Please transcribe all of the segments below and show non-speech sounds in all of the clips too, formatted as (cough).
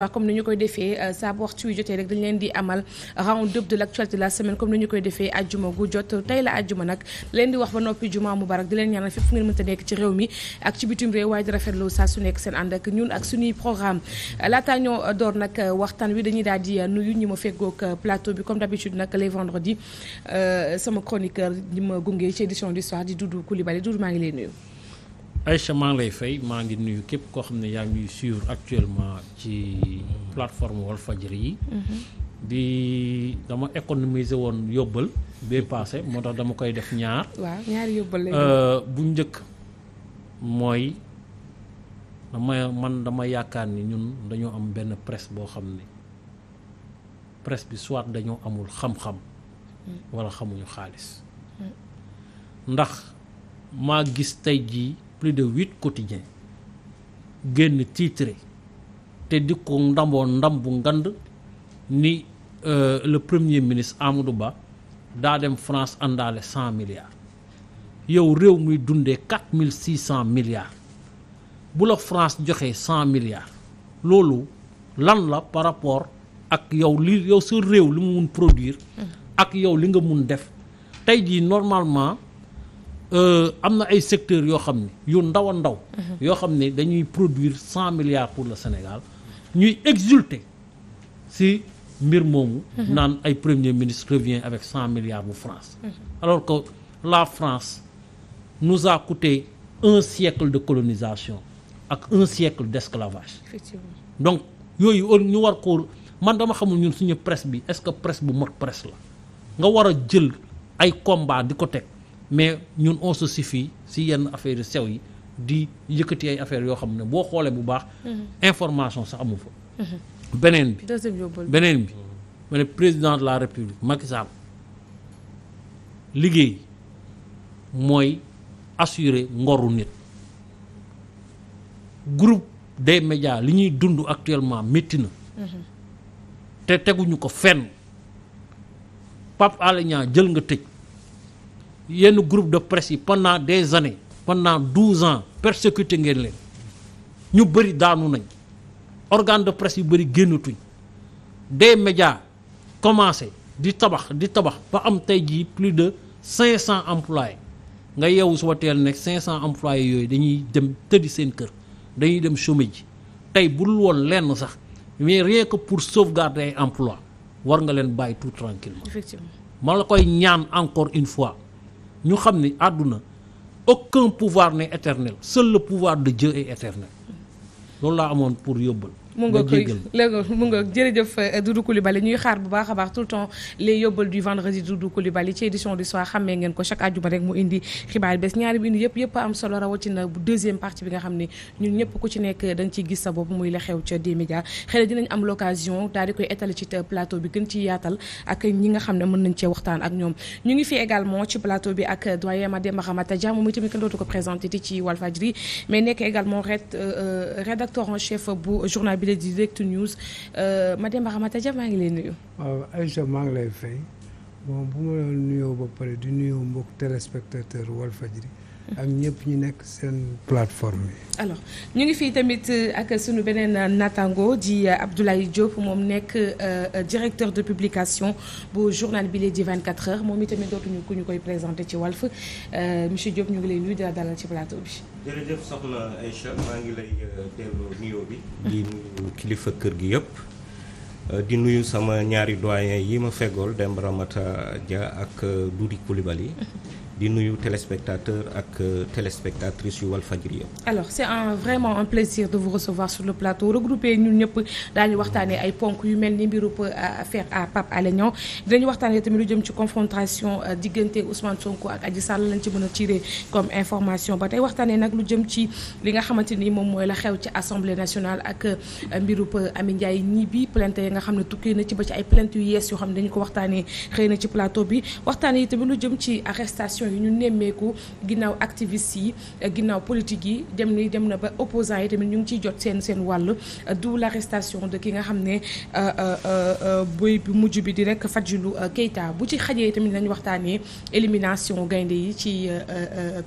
waaw comme ni ñu koy defee euh, saa waxtu wi jotee rek dañ leen di amal round-up de l'actualité de la semaine comme ni ñu koy defee ajjuma gu jot tey la ajjuma nag leen di wax ba noppi juma mu mubarak di leen ñaanal fépp fu ngeen mënta nekk ci réew mi ak ci bitim réew waaye di rafetlu saa su nekk seen ànd ak ñun ak suñuy programme laataa ñoo door nag euh, waxtaan wi dañuy daal di euh, nuyu ñi ma feggoog plateau bi comme d'habitude nag les vendredis sama chroniqueur ñi ma gunge ci édition du di Doudou Coulibaly Doudou maa ngi lay nuyu ay maa lay fay maa ngi nuyu képp koo xam ne yaa ngi ñuy suivre actuellement ci plateforme Walfadjri yi mhm. di dama économiser woon yóbbal bee mhm. paase moo tax dama koy def ñaar ñaari yóbbal euh, bu njëkk mooy dama man dama yaakaar ni ñun dañoo am benn presse boo xam ne presse bi soit dañoo amul xam-xam mhm. walla xamuñu xaalis ndax maa gis tey jii plus de huit quotidiens génn titré te di ko ndamoo ndam bu ngand ni euh, le premier ministre Amadou Ba daa dem France àndaale cent milliards yow réew muy dunde quatre mille six cent milliards bu la France joxe cent milliards loolu lan la par rapport ak yow li yow sa réew li mu mun produire. Mm. ak yow li nga mun def tey jii normalement. Euh, am na ay secteurs yoo xam ne yu ndawa a ndaw mhm. yoo xam ne dañuy produire cent milliards pour le Sénégal ñuy exulter si mbir moomu mhm. naan ay premier ministre revient avec cent milliards bu France mhm. alors que la France nous a un siècle de colonisation ak un siècle d'esclavage effectivement donc yooyu ñu war ko man dama xamul ñun suñu presse bi est-ce que presse bu mot presse la nga war a jël ay combat di ko teg mais ñun on se fii si yenn affaire sew yi di yëkkati ay yoo xam ne boo xoolee bu baax. Mhm. information sax amu fa. Mhm. beneen bi beneen bi ma ne président de la république Macky Sall liggéey mooy assurer ngoru nit groupe des médias li ñuy dund actuellement métti na. Mhm. te teguñu ko fenn Pape Alé jël nga tëj. yenn groupe de presse yi pendant des années pandant douze ans persécuté ngeen leen ñu bëri daanu nañ organe de presse yu bëri génnatuñ des médias commencé di tabax di tabax ba am tey jii plus de cinq cent employés nga yeewu suba teel nekk cinq cent employés yooyu dañuy dem tëddi seen kër dañuy dem chômage ji tey bu dul woon lenn sax mais rien que pour sauvegarder ay emploi war nga leen bàyyi tout tranquillement ma la koy ñaan encore une fois ñu xam ni àdduna aucun pouvoir ne éternel seul le pouvoir de jë est éternel loolu laa amoon pour yóbbal mu nga koy léegi mu nga jërëjëf euh, Doudou Coulibaly ñuy xaar bu baax baax tout temps les yóbbal du vendredi Doudou Coulibaly ci édition du soir xammee ngeen ko chaque mu indi xibaar bés ñaari bi nga xam ne ñun ñëpp ci da nga waxtaan ak ñoom ñu ngi fi également ci plateau bi ak doyen Mademba Ramata Dia moom itamit kenn dootu ko présenté ci Walfadjri mais nekk également euh, euh, rédacteur en chef bu journal bi la di direct news euh, Mademba Ramata Dia maa ngi lay nuyu. waaw Aïcha maa ngi lay fay bon bu ma la nuyoo ba pare di nuyoo mbokk téléspectateur Walfadjri ak ñëpp ñu nekk seen plateforme yi. alors ñu ngi fii tamit euh, ak suñu beneen natango ji euh, Abdoulaye Diop moom nekk euh, directeur de publication bu journal bi di 24 heures moom itamit dootuñu ku ñu koy présenté ci Walf monsieur Diop ñu ngi lay nuyu di la dalal ci plateau bi. jërëjëf soxna Aïcha maa ngi lay delloo nuyoo bi. di nuyu kilifa kër gi yëpp. di nuyu sama ñaari doyen yi ma fegool Demba Ramata ak Doudi Coulibaly yi (laughs) di nuyu téléspectateurs ak euh, téléspectatrices yu Walfadjri yëpp. alors c'est un vraiment un plaisir de vous recevoir sur le plateau regroupé ñun ñëpp daañu waxtaanee ay ponk yu mel ni mbiru euh, affaire à Pape Alé dinañu waxtaanee tamit lu jëm ci euh, ci a tiré comme li nga xamante ni moom mooy la xew ci assemblée nationale ak mbiru Amy Ndiaye ñii bi plainte yi nga xam ne tukkee na ci ba ci ay plainte yu yees yoo xam ne dañu ko waxtaanee xëy na ci plateau bi waxtaanee tension ñu nemmeeku ginnaaw activiste yi ginnaaw politique yi dem ni dem na ba opposants yi tamit ñu ngi ciy jot seen seen wàll d'où l'arrestation de ki nga xam ne euh, euh, euh, boy bu mujj bi di rek Fadjilou Keita bu ci xajee tamit lañu waxtaanee élimination gaynde yi ci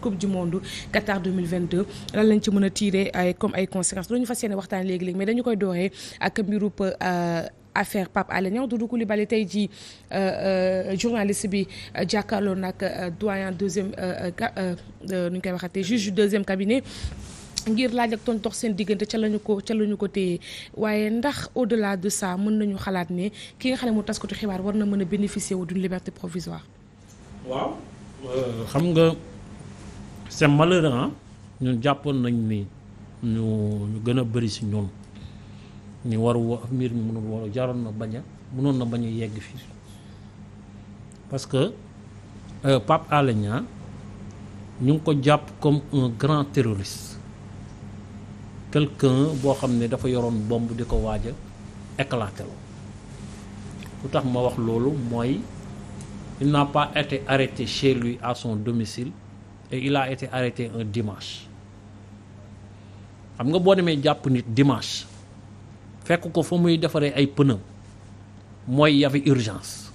coupe du monde Qatar 2022 lan lañ ci mën a tirer ay comme ay conséquences loolu ñu fas yéene waxtaan léegi-léegi mais dañu koy dooree ak mbirup affaire Pape Alé Niang Doudou Coulibaly tey jii euh, euh, journaliste bi euh, jàkkaarloo nag doyan deuxième nu ñu koy waxatee juge du deuxième cabinet ngir laaj ak tontox seen diggante ca lañu ko ca lañu ko téye waaye ndax au delà de saa mën nañu xalaat ne ki nga xam ne mu taskatu xibaar war na mën a bénéficier wu d'une liberté provisoire. waaw xam nga c'est malheureux ñun jàppoon nañ ni ñu ñu gën a bëri si ñoom. mi war wo mbir mi mënul war jaroon na bañ a mënoon na bañ yegg fii parce que euh, Pape Alé ñu ngi ko jàpp comme un grand terroriste quelqu'un boo xam ne dafa yoroon bombe di ko waaja a éclaté lu tax ma wax loolu mooy il n'a pas été arrêté chez lui à son domicile et il a été arrêté un dimanche xam nga boo demee jàpp nit dimanche fekk ko fa muy defaree ay pneu mooy y avait urgence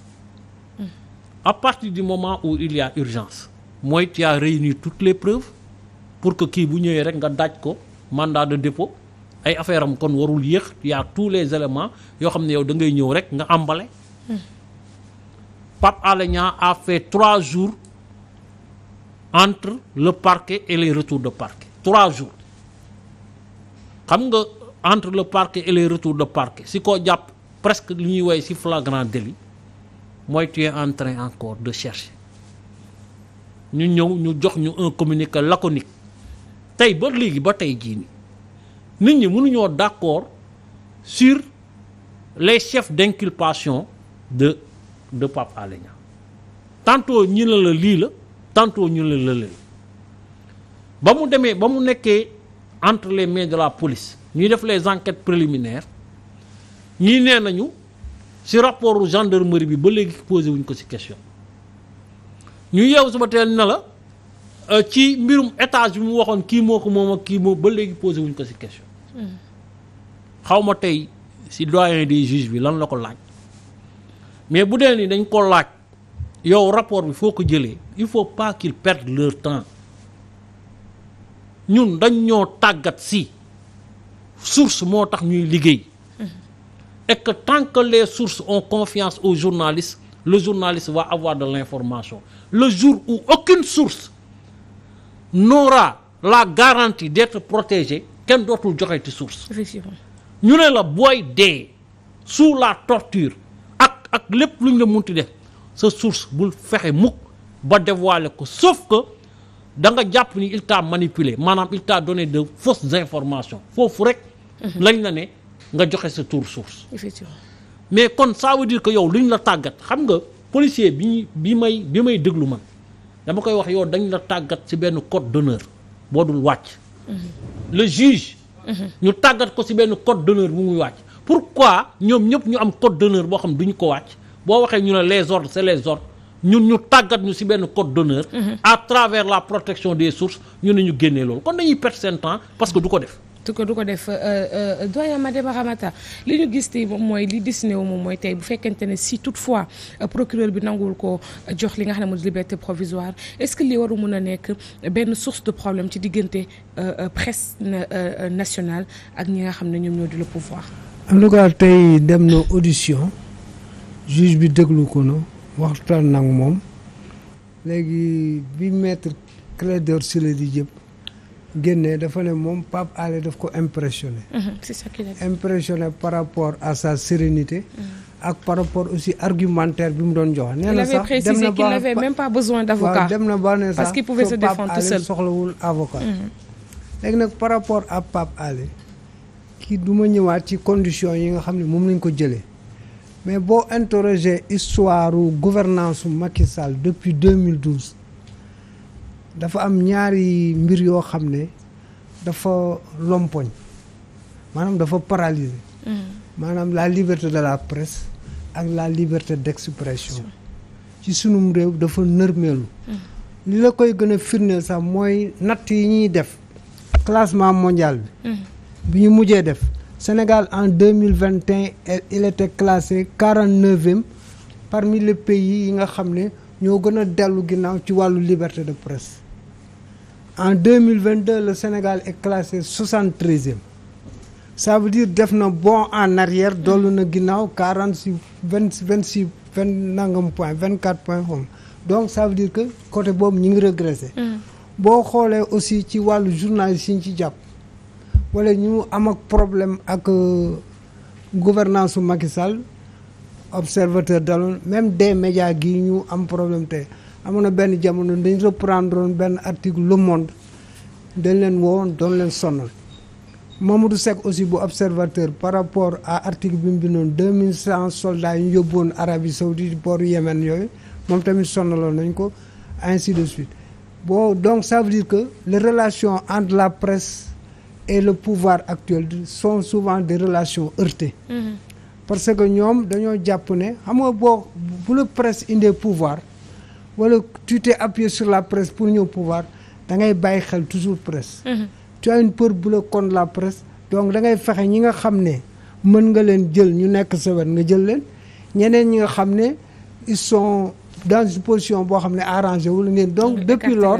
à partir du moment où il y urgence mooy tu as réuni toutes les preuves pour que kii bu ñëwee rek nga daaj ko mandat de dépôt ay affaire am kon warul yéex y tous les éléments yoo xam ne yow da ngay ñëw rek nga emballé Pape Alé Niang a fait trois jours entre le parquet et les retours de parquet trois jours xam nga entre le parquet et les retour de parquet si ko jàpp presque li ñuy woy ci flagrant délit mooy tu en train encore de chercher ñu ñëw ñu jox ñu un communique laconique tey ba léegi ba tey jii ni nit ñi mënuñoo d'accord sur les chefs d'inculpation de de Pape Alé Niang tantôt ñu la lii la tantôt ñu ne la ba mu demee ba mu nekkee entre les mais de la police ñuy def les enquêtes préliminaire ñi nee nañu ci rapport gendarmerie bi ba léegi posé wuñ ko ci question ñu yeewu suba teel na la euh, ci mbirum étage bi mu waxoon kii moo ko moom ak kii moo ba léegi posé wuñ ko ci question hmm. xawma tey ci doyen des juges bi lan la ko laaj mais bu dee ni dañ ko laaj yow rapport bi foo ko jëlee il faut pas qu'ils perdent leur temps ñun dañ ñoo tàggat si source moo tax ñuy liggéey mm-hmm. et que tant que les sources ont confiance au journalistes le journaliste va avoir de l'information le jour où aucune source nora la garantie d'être protégée kenn dootul joxe ci source ñu ne la booy dee sous la torture ak ak lépp lu ñu la munti def sa source bul fexe mukk ba dévoiler ko sauf ko da nga jàpp ni il t'a manipulé maanaam il t'a donné de fausses informations foofu rek. Mhm. lañ la ne nga joxe sa tour source. effectivement mais kon ça veut dire que yow ñu la tàggat xam nga policier bi ñuy bi may bi may déglu man dama koy wax yow dañ la tàggat si benn code d'honneur boo dul wàcc. Mhm. le juge. Mhm. ñu tàggat ko si benn code d'honneur bu muy wàcc. pourquoi ñoom ñëpp ñu am code d'honneur boo xam duñu ko wàcc boo waxee ñu ne les ordres c'est les ordres. ñun ñu tàggat ñu ci benn code d'honneur mm-hmm. à travers la protection des sources ñu ne ñu génnee loolu kon dañuy perdre seen temps parce que du ko def du ko du ko a euh, euh, doya Mademba Ramata li ñu gis tey moom mooy li dessiné wu moom mooy tey bu fekkente ne si toutefois euh, procureur bi nanguwul ko jox li nga xam ne mooy liberté provisoire est-ce que li waru mën a nekk benn source de problème ci diggante presse national ak ñi nga xam ne ñoom ñoo di le pouvoir. en tout cas tey dem na audition juge bi déglu ko no waxtaan nag moom léegi bi maître Clédor Ciré di jëpp génnee dafa ne moom Pape ale daf ko impressionné mhm, impressionné par rapport à sa sérénité ak par rapport aussi argumentaire bi mu doon jox. nee na sax dem na ba il avait dem na ba ne sax parce qu'il pouvait soxlawul avocat. Mhm. léegi nag par rapport à Pape Alé kii du ma ñëwaat ci conditions yi nga xam ne moom lañ ko jëlee. mais boo interroger histoire ou gouvernance su Macky Sall depuis 2012 dafa am ñaari mbir yoo xam ne dafa lompoñ maanaam dafa paralysé mm. maanaam la liberté de la presse ak la liberté d'expression ci sunum réew dafa nërmeelu mm. li la koy gën firne sax mooy natt yi ñuy def classement mondiale bi mm. bi ñu mujjee def Sénégal en deux mille vingt et un il était classé quarante neuvième parmi les pays yi nga xam ne ñoo gën a dellu ginnaaw ci wàllu liberté de presse en deux mille vingt deux le Sénégal est classé soixante treizième ça def na bon en arrière dollu na ginnaaw quarante six vingt vingt six vingt nangam point vingt quatre point xom donc ça veut que côté boobu ñu ngi régressé. Mm. boo xoolee aussi ci wàllu journaliste yi ñu ci jàpp. wala ñu am ak problème ak euh, gouvernance su Macky Sall observateur daloon même des médias gii ñu am problème te amoon na benn jamono dañ reprendre benn article Le Monde dañ leen woowoon doon leen sonnal du Seck aussi bu observateur par rapport à article bi mu bindoon deux mille cent soldats yi ñu yóbboon Arabie Saoudite port Yémen yooyu moom tamit sonnaloon nañ ko ainsi de suite bon donc ça dire que les relations entre la presse et le pouvoir actuel son souvent des relation heurtées. Mm-hmm. parce que ñoom dañoo jàpp ne xam nga boo bu la presse indee pouvoir wala tu t'es sur la presse pour ñëw pouvoir da ngay bàyyi xel toujours presse. Mm -hmm. tu une peur bleue contre la presse donc da ngay fexe ñi nga xam ne mën nga leen jël ñu nekk sa nga jël leen ñeneen ñi nga xam ne ils sont dans position boo xam ne arrangé wul ngeen donc mm-hmm. depuis lors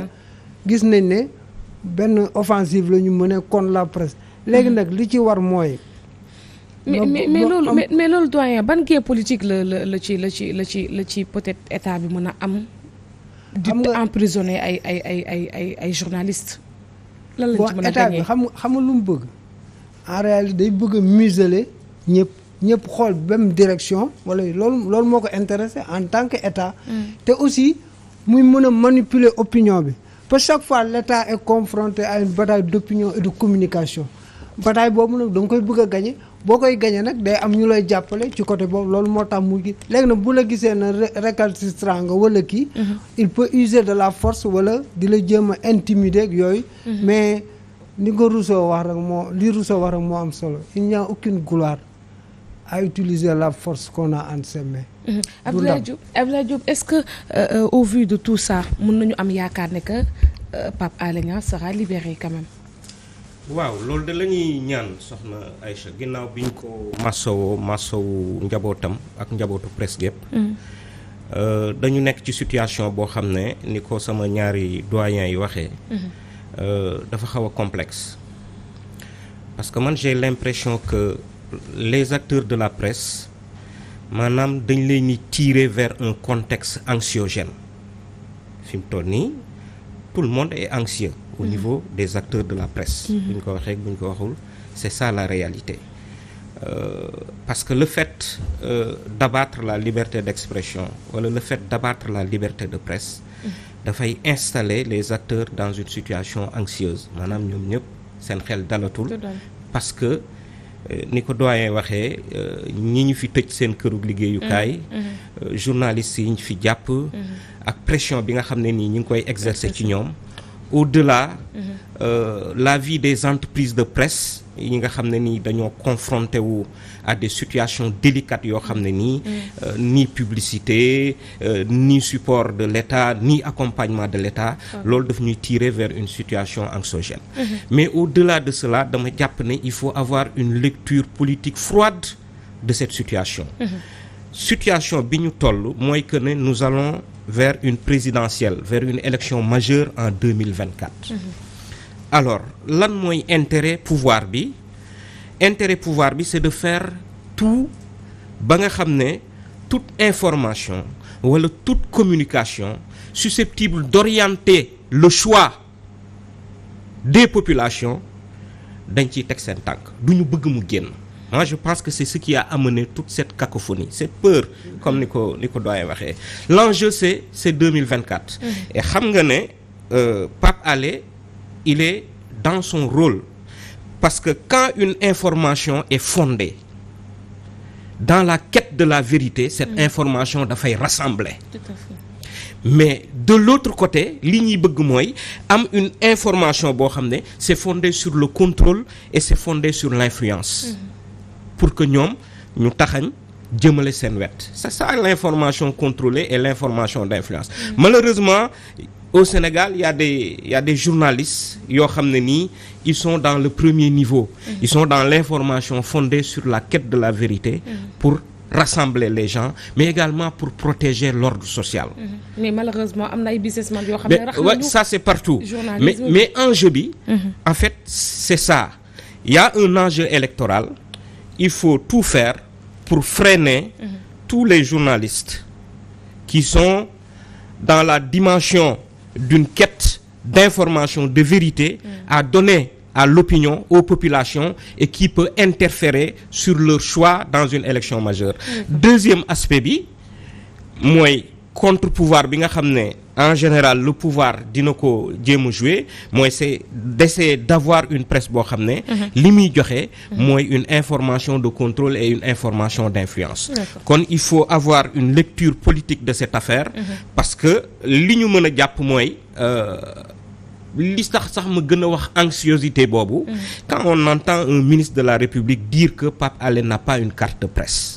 gis nañ ne. benn offensive la ñu mëne kon la presse léegi mhm. nag li ci war mooy. mais mais mais loolu mais mais doyen ban gué politique la la la ci la ci la ci la ci peut-être état bi mën a am. di emprisonner ay ay ay ay ay ay journalistes. lan lañ ci mën a état bi xam xam lu mu bëgg. en réalité day bëgg a museler ñëpp ñëpp xool même direction wala loolu loolu moo ko intéressé en tant que état. Mm. te aussi muy mën a manipuler opinion bi. parce chaque fois l'État et confronté à une d'opinion et communication bataille boobu nag da koy bëgg a gañe boo koy gañe nag day am ñu lay jàppale ci côté boobu loolu moo tax mu gi léegi nag bu la gisee na récalcitrant nga wala kii mhm. il peut user de la force wala di la jéem a intimider ak yooyu mhm. mais ni ko Rousseau wax rek moo li Rousseau wax moo am solo il n'y a aucune gloire à utiliser la force qu'on a entre Mhm. Abdoulaye Diop Abdoulaye est-ce que euh, euh, au vu de tout ça mën nañu am yaakaar ne que euh, Pape Alé Niang sera libéré quand waaw loolu de lañuy ñaan soxna Aïcha ginnaaw bi ñu ko masowoo masowu njabootam ak njabootu presse gépp mhm. euh, dañu nekk ci situation boo xam ne ni ko sama ñaari doyen yi waxee mhm. dafa xaw a complexe parce que man j'ai l'impression que les acteurs de la presse maanaam dañ leen di tirer vers un contexte anxiogène fi mu toll nii tout le monde et anxieux au mm-hmm. niveau des acteurs de la presse mm-hmm. bu ñu ko waxee bu ko waxul c'est ça la réalité euh, parce que le fait euh, d'abattre la liberté d'expression wala le fait d'abattre la liberté de presse mm-hmm. dafay installer les acteurs dans une situation anxieuse maanaam ñoom ñëpp seen xel dalatul parce que Euh, ni ko doyen waxee euh, ñi ñu fi tëj seen kërug liggéeyukaay. Mm-hmm. Mm-hmm. Euh, journalistes yi ñu fi jàpp. Mm-hmm. ak pression bi nga xam ne nii ñu ngi koy exercer ci ñoom. au-delà la vie des entreprises de presse. yi nga xam ne nii dañoo confronté wu à des situations yoo xam ne nii mm. euh, ni publicité euh, ni support de l'État ni accompagnement de l'État loolu daf ñuy tirer vers une situation anxiogène mm mais au-delà de cela dama jàpp ne il faut avoir une lecture politique froide de cette situation mm situation bi ñu toll mooy que ne nous allons vers une présidentielle vers une élection majeure en 2024 mm -hmm. alors lan mooy intérêt pouvoir bi intérêt pouvoir bi c'est de faire tout ba nga xam ne toute information wala toute communication susceptible d'orienter le choix des populations dañ ciy teg seen tànk du ñu bëgg mu génn moi je pense que c'est ce qui a amené toute cette cacophonie cette peur comme ni ko ni ko doyen waxee l'enjeu c'est c'est 2024 mmh. et xam nga ne euh, Pape Alé il est dans son rôle parce que quand une information est fondée dans la quête de la vérité cette mm. information dafay rassembler Tout mais de l'autre côté li ñuy bëgg mooy am une information boo xam ne c'est fondé sur le contrôle et c'est fondé sur l'influence mmh. pour que ñoom ñu taxañ jëmale seen wet c'est ça l'information contrôlée et l'information d'influence mmh. malheureusement au Sénégal y a des journalistes yoo xam ne nii ils sont dans le premier niveau. Mhm. ils sont dans l'information fondée sur la quête de la vérité. Mhm. pour rassembler les gens mais également pour protéger l'ordre social. Mhm. mais malheureusement am na ay businessman yoo xam ne ça mais mais enjeu bi. en fait c'est ça il y a un enjeu électoral il faut tout faire pour freiner tous les journalistes qui sont dans la dimension. d'une quête d'information, de vérité mm. à donner à l'opinion, aux populations et qui peut interférer sur leur choix dans une élection majeure. Mm. Deuxième aspect bi mooy contre pouvoir bi nga xam ne en général le pouvoir dina ko jéem a jouer mooy c'est d'essayer d'avoir une presse boo xam ne mhm. li muy joxe mhm. mooy une information de contrôle et une information d'influence kon il faut avoir une lecture politique de cette affaire mhm. parce que li ñu mën a jàpp mooy euh, li sax sax ma gën a wax anxiosité boobu quand on entend un ministre de la République dire que Pape Alé n'a pas une carte de presse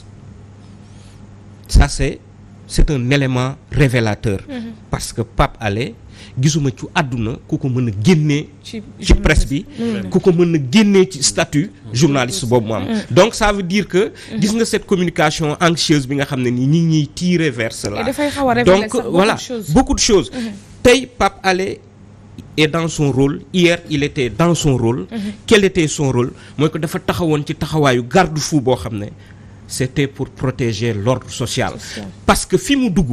c'est un élément révélateur. Mhm. parce que Pape Alé gisuma ci àdduna ku ko mën a génnee. ci ci presse bi. Mhm. ku ko mën a génnee ci statut journaliste boobu mu am. Mhm. donc ça veut dire que. gis nga set communication anxieuse bi nga xam ne nii ñi ngi ñuy tirer vers cela. donc wala beaucoup de choses. tey Pape Alé est dans son rôle hier il était dans son rôle. quel était son rôle mooy que dafa taxawoon ci taxawaayu garde foo boo xam ne. c'était pour protéger l'ordre social parce que fi mu dugg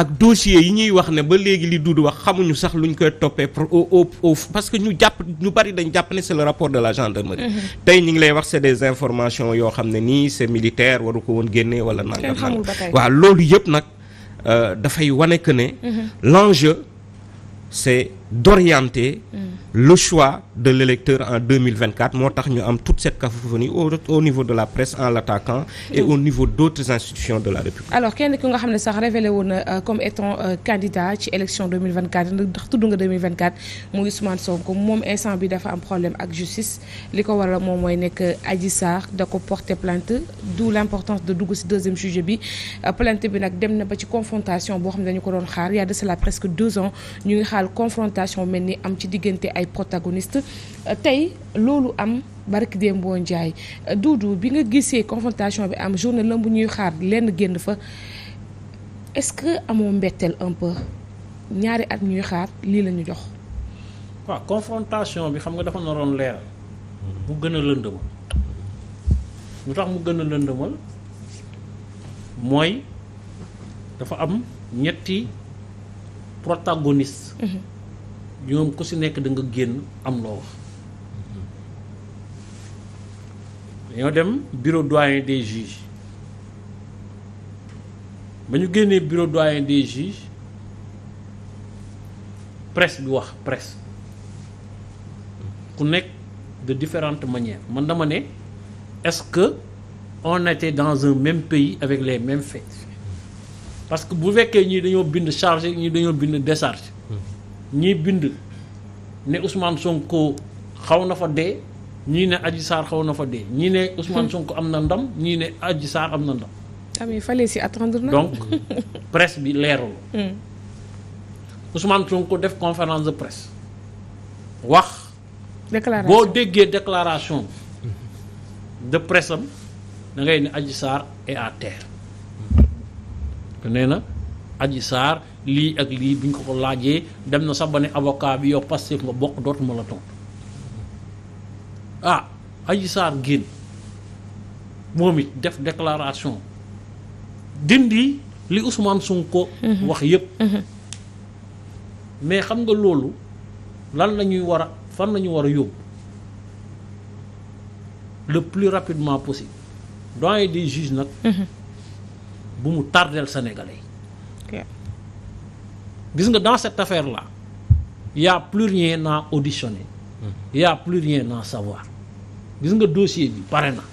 ak dossier yi ñuy wax ne ba léegi li duud wax xamuñu sax luñ koy toppee au au parce que ñu jàpp ñu bari dañ jàpp ne c'est rapport de la gendarmerie mhm. tey ñu ngi lay wax c'est des informations yoo xam ne nii c'est militaire waru ko woon génnee wala nangam nangam waaw loolu yëpp nag euh, dafay wane que ne mhm. l'enjeu c'est d'orienter mhm. le choix de l'électeur en 2024 moo tax ñu am toute cette cacophonie au au niveau de la presse en l'attaquant et au niveau d'autres institutions de la République. alors kenn ki nga xam ne sax révélé woon euh, comme étant euh, candidat ci élection 2024 ndax nga 2024 muy Ousmane Sonko moom instant bi dafa am problème ak justice li ko waral moom mooy nekk euh, Adji Sarr da ko porter plainte d'où l'importance de dugg ci deuxième sujet bi plainte bi nag dem na ba ci confrontation protagoniste tey loolu am barki Dembo Ndiaye Doudou bi nga gisee confrontation bi am journée la bu ñuy xaar lenn génn fa est-ce que amoo mbetteel un peu ñaari at ñuy xaar lii la ñu jox. waaw confrontation bi xam nga dafa naroon leeral. mu gën a lëndëmal. lu tax mu gën a lëndëmal mooy dafa am ñetti protagoniste. Mhm. ñoom ku si nekk danga génn am loo wax dañoo dem bureau doyen des juges ba ñu génnee bureau doyen des juges presque bi wax presque ku nekk de différentes manières man dama ne est-ce que on était dans un même pays avec les mêmes faits parce que bu fekkee ñii dañoo bind charge ñii dañoo bind décharge ñii bind ne Ousmane Sonko xaw na fa dee ñii ne Adji Sarr xaw na fa dee ñii ne usman (laughs) Sonko am na ndam ñii ne Adji Sarr am na ndam. am il fallait s'y attendre na. donc (laughs) presse bi leerul. Hmm. Ousmane Sonko def conférence de presse wax. déclaration boo déggee déclaration de presse am da ngay ne Adji Sarr est terre nee na. Adji Sarr lii ak lii bi ñu ko laajee dem na sax ba ne avocat bi yow Pastef nga bokk dootuma la tontu ah Adji Sarr génn moom it def déclaration dindi li Ousmane Sonko mhm. wax yépp mhm. mais xam nga loolu lan la ñuy war a fan la ñu war a yóbbu le plus rapidement possible doyen des juges nag mhm. bu mu tardeel sénégalais gis nga dans cette affaire la y' a plus rien à auditionner. Hmm. y' a plus rien à savoir gis nga dossier bi pare na.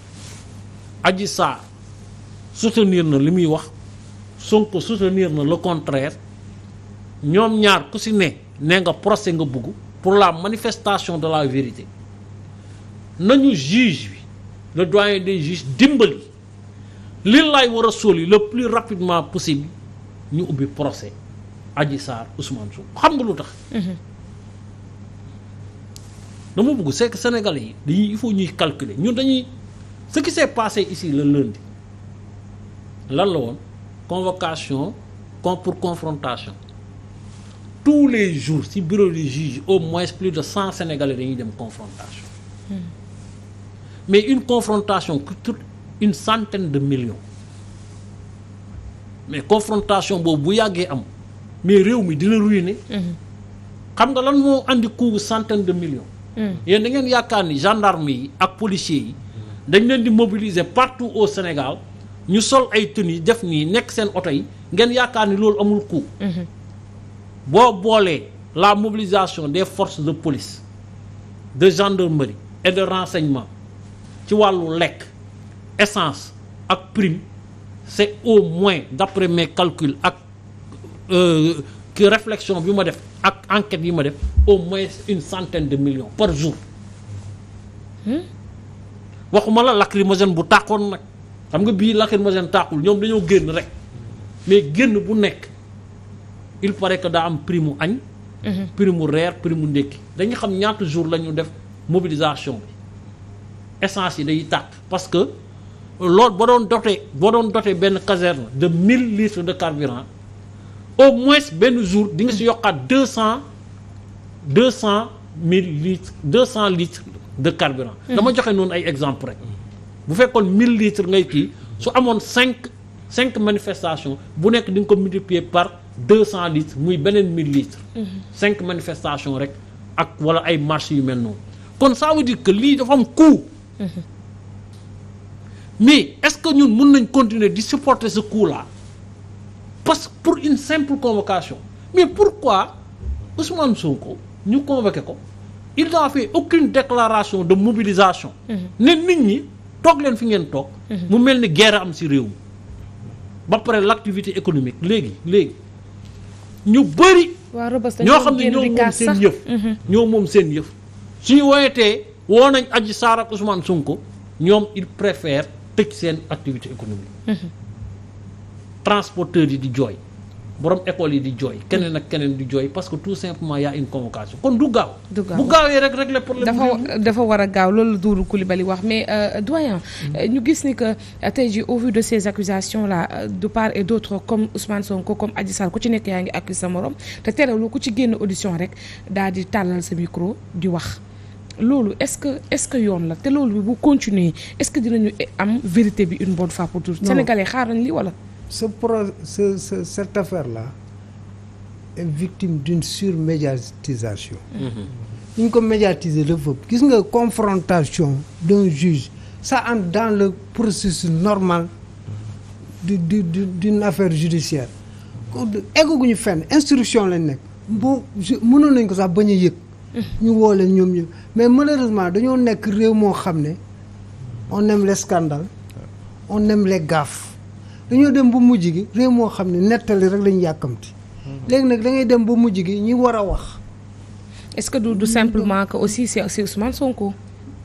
Adji Sarr soutenir na li muy wax Sonko soutenir na la contraire ñoom ñaar ku si ne nee nga procès nga bugg pour la manifestation de la vérité nañu juge bi le doyen des juges dimbali li lay war a sóoli le plus rapidement possible ñu ubbi procès. Adji Sarr Ousmane Sonko xam nga lu tax. dama bëgg c'est que sénégalais yi dañuy ñuy calculer ñun dañuy ce qui s'est passé ici la lundi lan la woon convocation pour confrontation tous les jours ci bureau du juge au moins plus de cent sénégalais dañuy dem confrontation. mais une confrontation coûte une centaine de millions mais confrontation boobu bu yàggee am. mais réew mi dina ruiner. Mhm. xam nga lan moo andi coût centaine de millions. Mhm. yéen da yaakaar ni gendarme yi ak policiers yi dañ leen di mobiliser partout au Sénégal ñu sol ay tenues def nii nekk seen oto yi ngeen yaakaar ni loolu amul coût. Mhm. boo boolee la mobilisation des forces de police de gendarmerie et de renseignement ci wàllu lekk essence ak prime c'est au moins d'après mais calcule ak. Euh, que réflexion bi ma def ak enquête yi ma def au moins une centaine de million par jour waxuma la lakk lacrymogène bu tàkkoon nag xam nga bii lacrymogène tàkkul ñoom dañoo génn rek mais génn bu nekk il paraît que daa am prix mu añ mhm. prix mu reer prix mu ndékki dañu xam ñaata jour la ñu def mobilisation bi essence yi day tàkk parce que loolu ba doon dote ba doon dote benn caserne de mille litres de carburant au moins benn jour di nga si yokkaat deux cent deux cent mille litres deux cent litres de carburant. Mm. dama joxe noonu ay exemple rek. bu fekkoon mille litre ngay kii su amoon cinq cinq manifestation bu nekk di nga ko multiplier par deux cent litres muy beneen mille litres. Mm-hmm. cinq manifestation rek ak wala ay marches yu mel noonu kon ça veut dire que lii dafa am coût. Mm-hmm. mais est-ce que ñun mun nañ continuer di supporter ce coût là. parce que pour une simple convocation mais pourquoi Ousmane Sonko ñu convoqué ko il n'a fait aucune déclaration de mobilisation mm-hmm. ne nit ñi toog leen fi ngeen toog mm-hmm. mu mel ni guerre am ci réew mi ba pare l'activité économique léegi léegi ñu bëri ñoo xam ne ñoo moom seen yëf mm-hmm. ñoo moom seen yëf suñu woyetee woo nañ Adji Sarr ak Ousmane Sonko ñoom il préfère tëj seen activité économique transporteurs yi di jooy borom école yi di jooy keneen ak keneen di jooy parce que tout simplement y a une convocation kon du gaaw. du gaaw bu gaawee rek régler problème dafa war a gaaw loolu Doudou Coulibaly wax mais euh, doyen. Mm-hmm. ñu gis ni que euh, tey jii au vu de ces accusations là euh, de part et d' autre comme Ousmane Sonko comme Adji Sarr ku ci nekk yaa ngi accuse sa morom te terewul ku ci génn audition rek daal di tàllal sa micro di wax. loolu est-ce que est-ce que yoon la te loolu bu continuer est-ce que dinañu am vérité bi une bonne fois pour tous. sénégalais xaar nañ li walla. ce pro ce, ce, affaire-là est victime d'une surmédiatisation ñu mm -hmm. ko médiatiser le fëpp gis nga confrontation d'un juge ça entre dans le processus normal du du d'une affaire judiciaire egguñu fenn instruction lañ nekk bu mënoon nañ ko sax bañ a yëg mm-hmm. ñu woo leen ñoom ñëpp mais malheureusement dañoo nekk réew moo xam ne on aime les on aime les gaffes dañoo dem ba mujj gi réew moo xam ne nettali rek lañu yàkkamti. léegi nag da ngay dem ba mujj gi ñi war a wax. est-ce que du du simplement que aussi c'est c'est Ousmane Sonko.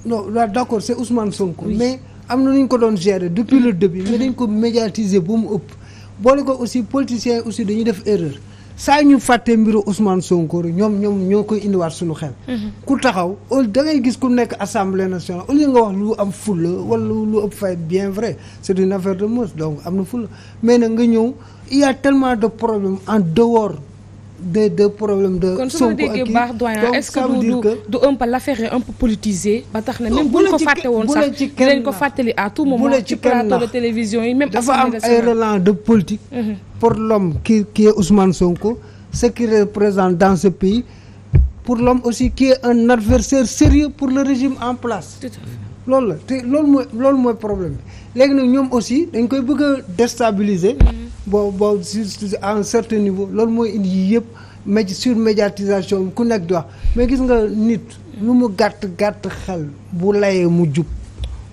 non waaw d'accord c'est Ousmane Sonko. Oui. mais am na nu ñu ko doon gérer depuis le début. mais dañ ko médiatiser bu mu ëpp. boole ko aussi politiciens aussi dañuy def erreur. saa ñu fàttee mbiru Ousmane Sonko ñoom ñoom ñoo koy indiwaat suñu xel. Mhm. ku taxaw au da gis ku nekk assemblée nationale au lieu nga wax lu am fulla wala lu ëpp fay bien vrai c' est une affaire de mœurs donc am na fulla mais nag nga ñëw il y a tellement de problèmes en dehors. de de problème de. Sonko ak kon su ma déggee baax doyen est-ce du du un peu l'affaire ba tax na même bu ñu ko fàtte woon sax dinañ ko fàttali à tout moment ci plateau de télévision yi même. dafa am ay relents de politique. Mhm. pour l'homme qui qui est Ousmane Sonko ce qui représente dans ce pays pour l'homme aussi ki est un adversaire sérieux pour le régime en place. loolu la te loolu mooy loolu mooy problème bi léegi nag ñoom aussi dañ koy bëgg a déstabiliser. Mhm. boo boo juste à un certain niveau loolu indi yëpp médi sur médiatisation ku nekk di wax mais gis nga nit lu mu gàtt gàtt xel bu layee mu jub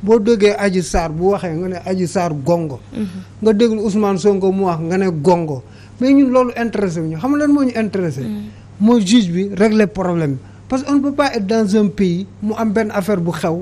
boo déggee Adji Sarr bu waxee nga ne Adji Sarr gongo mm-hmm. nga déglu Ousmane Sonko mu wax nga ne gongo mais ñun loolu intéressé bi ñu xam lan moo ñu intéressé mm-hmm. mooy juge bi régler problème parce que on ne peut pas dans un pays mu am benn affaire bu xew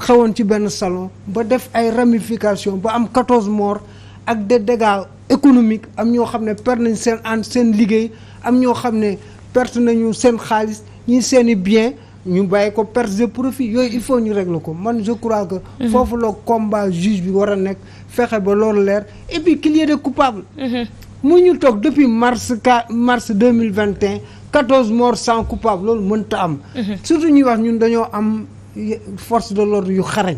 xewoon ci benn salon ba def ay ramification ba am 14 morts ak des dégâts économique am ñoo xam ne perte nañ seen an seen liggéey am ñoo xam ne perte nañu seen xaalis ñi seen i bien ñu bàyyi ko perte de profit yooyu il faut ñu régler ko man je crois que mhm. foofu la combat juge bi war a nekk fexe ba loolu leer et puis qu'il y ait mhm. mu ñu toog depuis mars ka mars deux mille vingt et un quatorze morts sans coupable loolu mënta am mhm. surtout ñuy wax ñun dañoo am force de l'ordre yu xarañ.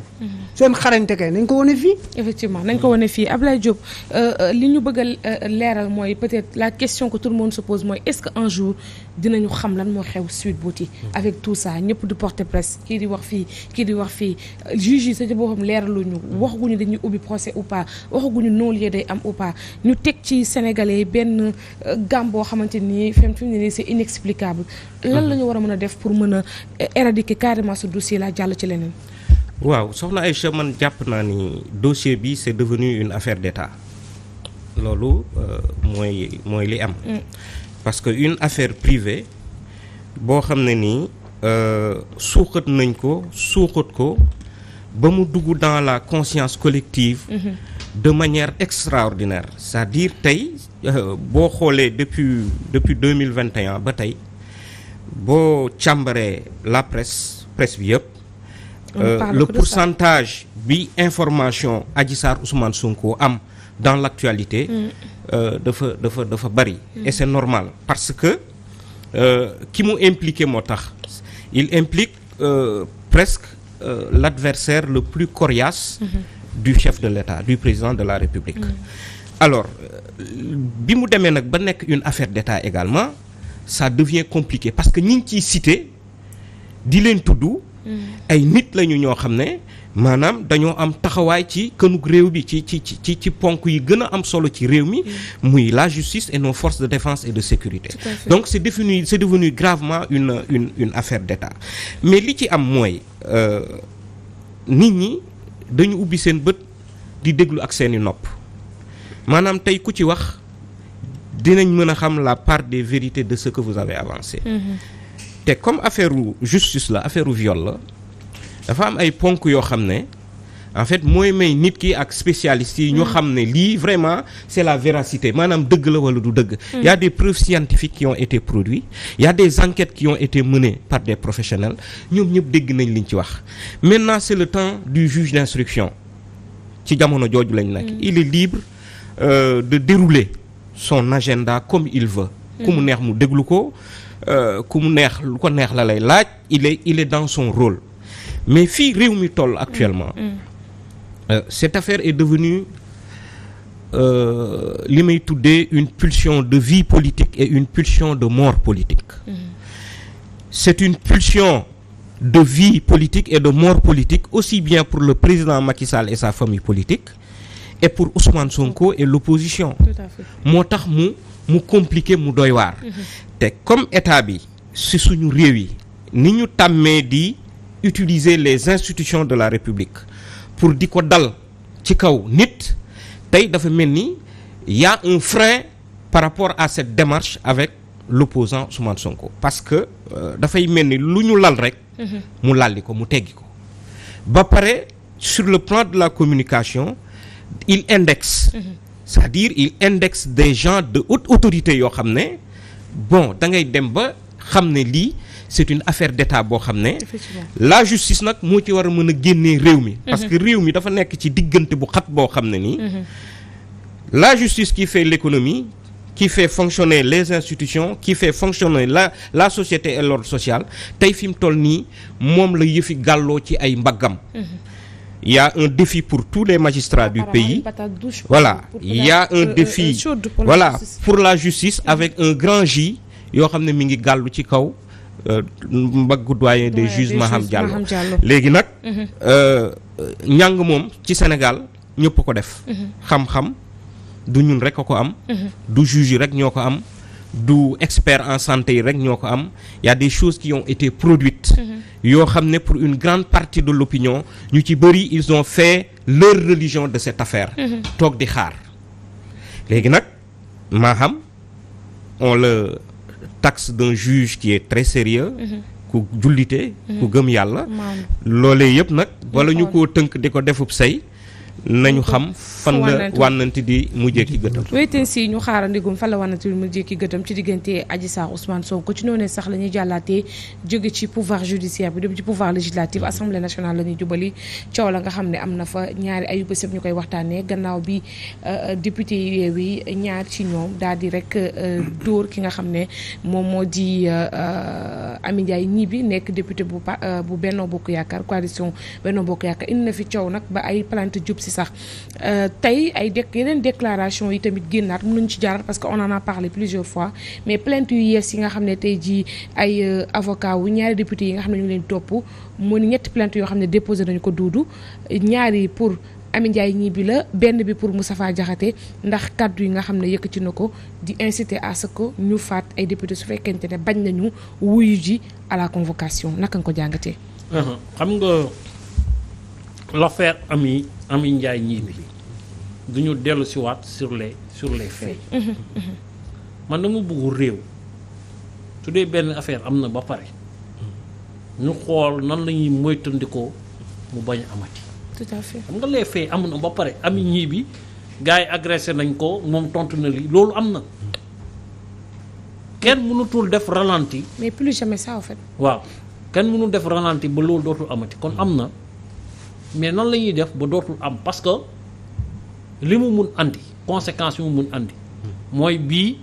seen xarañte kay nañ ko wane fii. effectivement nañ ko wane fii Ablaye Diop euh, euh, li ñu bëgg a euh, leeral mooy peut-être la question que tout le monde se mooy est-ce que un jour dinañu xam lan moo xew Sweet Beauty. avec tout ça ñëpp di porter presse kii di wax fii kii di wax fii juge yi sa boo xam leeraluñu waxaguñu dañuy ubbi procès ou pas waxaguñu noonu lee day am ou ñu teg ci sénégalais benn gàmm boo xamante ni fi mu ne nii c'est inexplicable. lan mhm. la ñu war a mën a def pour mën a éradiquer carrément ce dossier là jàll ci leneen. waaw soxna Aïcha man jàpp naa ni dossier bi c'est devenu une affaire d'état loolu euh, mooy mooy li am. Mm. parce que une affaire privée boo xam ne nii euh, suuxat nañ ko suuxat ko ba mu dugg dans la conscience collective. Mm-hmm. de manière extraordinaire c'est-à-dire tey euh, boo xoolee depuis depuis deux mille vingt et ba tey boo càmbaree la presse presse bi yëpp. Euh, le pourcentage bi information Adji Sarr Ousmane Sonko am dans l'actualité mm. euh, dafa dafa dafa bari mm. et c'est normal parce que euh, ki mu impliqué moo tax il implique euh, presque euh, l'adversaire le plus coriace mm du chef de l'État du président de la République mm -hmm. bi mu demee nag ba nekk une affaire d'État également ça devient compliqué parce que ñi ngi ciy cité di leen tuddu mm. ay nit lañu ñoo xam ne maanaam dañoo am taxawaay ci kënug réew bi ci ci ci ci ponk yi gën a am solo ci réew mi. Mm. muy la justice et nos forces de défense et de sécurité. donc c'est devenu c'est devenu gravement une une une affaire d'État mais li ci am mooy euh, nit ñi dañu ubbi seen bët di déglu ak seeni nopp maanaam tey ku ci wax. dinañ mën a xam la part des vérités de ce que vous avez avancé. Mm-hmm. te comme affaire u justice la affaire u viol la dafa am ay ponk yoo xam ne en fait mooy may nit ki ak spécialistes yi ñu mm-hmm. xam ne lii vraiment c'est la véracité maanaam dëgg la wala du dëgg mm-hmm. y a des preuves scientifiques qui ont été produites y a des enquêtes qui été menées par des professionnels ñoom ñëpp dégg nañ liñ ci wax maintenant c'est le temps du juge d'instruction ci jamono jooju lañ nekk il est libre euh, dérouler son agenda comme il veut. ku mu neex mu déglu ko euh, ku mu neex lu ko neex la lay laaj il est dans son rôle mais fii réew mi toll actuellement. Mm. Euh, cette affaire est devenue euh, li may tuddee une pulsion de vie politique et une pulsion de mort politique. Mmh. C'est une pulsion de vie politique et de mort politique aussi bien pour le président Macky Sall et sa famille politique. et pour Ousmane Sonko et l'opposition moo tax mu mu compliqué mu doy waar mhm. te comme état bi si suñu réew yi ni ñu tàmmee di utiliser les institutions de la République pour di ko dal ci kaw nit tey dafa mel ni y un frein par rapport à cette démarche avec l'opposant Ousmane Sonko parce que euh, dafay mel ni lu ñu lal rek mhm. mu lalli ko mu teggi ko ba pare sur le plan de la communication il indexe c'est-à-dire il indexe des gens de haute autorité yoo xam ne bon da ngay dem ba xam ne lii c'est une affaire d'état boo xam ne la justice nag moo ci war a mën a génnee réew mi parce mhm. que réew mi dafa nekk ci diggante bu xat boo xam ne nii mhm. la justice qui fait l'économie qui fait fonctionner les institutions qui fait fonctionner la la société et l'ordre social tey fi mu toll nii moom la yëfi gàlloo ci ay mbaggam mhm. il y a un défi pour tous les magistrats du pays voilà il a un euh, euh, défi euh, voilà pour la justice avec un grand J yoo xam ne mi ngi gàllu ci kaw mbaggu doyen des juges Maham Diallo léegi nag mhm. njàng moom ci Sénégal ñëpp ko def mhm. xam-xam du ñun rek a ko am mhm. du juge rek ñoo ko am du expert en santé yi rek ñoo ko am y a des choses qui été produites mm-hmm. yoo xam ne pour une grande partie de l'opinion ñu ci bëri ils ont fait leur religion de cette affaire mm-hmm. toog di xaar léegi nag maa xam on le taxe d'un juge qui est très sérieux mm-hmm. ku jullite ku gëm yàlla loolee yëpp nag wala ñu ko tënk di ko defub say nañu xam fan la wànnanti di mujjee ki gëtam wéyteen si ñu xaarandigum fan la wànnanti di mujjee ki gëtam ci diggante Adji Sarr Ousmane ko ci noonu sax la ñuy jàllaatee jóge ci pouvoir judiciaire bi dem ci pouvoir législatif mm-hmm. assemblée nationale la ñuy jubali coow la nga xam ne am na fa ñaari ayu bés ñu koy waxtaanee gannaaw bi euh, euh, député yi yeewi ñaar ci ñoom daal di rek euh, dóor ki nga xam ne moom moo di Amy Ndiaye ñibbi nekk député bu bu Benno Bokk Yaakaar coalition Benno Bokk Yaakaar indi na fi coow nag ba ay plainte jub sax euh, tey ay dé yeneen déclaration yi tamit génnaat mënuñ ci jaar parce que on en a parlé plusieurs fois mais plainte yu yees yi nga xam ne tey jii ay euh, avocat wu ñaari député yi nga xam ne ñu leen topp mu ni ñetti plainte yoo xam ne déposé nañu ko duudu ñaari pour Ami Ndiaye ñii bi la benn bi pour Moustapha Diakhaté ndax kàddu yi nga xam ne yëkkati na ko di inciter à ce ñu faat ay député su fekkente ne bañ nañu wuyu ji à la convocation naka nga ko jàngatee. l'affaire Ami Ami Ndiaye ñii bi du ñu dellu si waat sur les sur les faits. Mhm, mhm. man dama bëggu réew su dee benn affaire am na ba pare ñu xool nan la ñuy moytandikoo mu bañ amati. xam nga les faits am na ba pare Ami ñii bi gars yi agressé nañ ko moom tontu na lii loolu am na. kenn mënutul def ralenti. mais plus jamais waaw kenn mënul def ralenti ba loolu dootul amati kon am na. mais noonu la ñuy def ba dootul am parce que li mu mun andi conséquences yi mu mun andi mooy bii